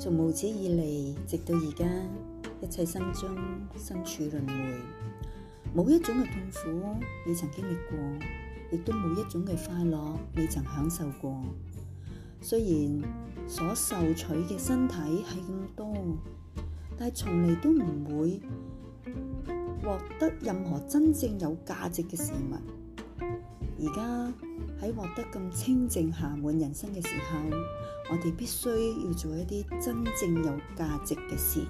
從無始以嚟，直到而家，一切心中身處輪回，冇一種嘅痛苦你曾經歷過，亦都冇一種嘅快樂你曾享受過。雖然所受取嘅身體係咁多，但係從嚟都唔會獲得任何真正有價值嘅事物。而家喺獲得咁清靜、暇滿人生嘅時候，我哋必須要做一啲真正有價值嘅事。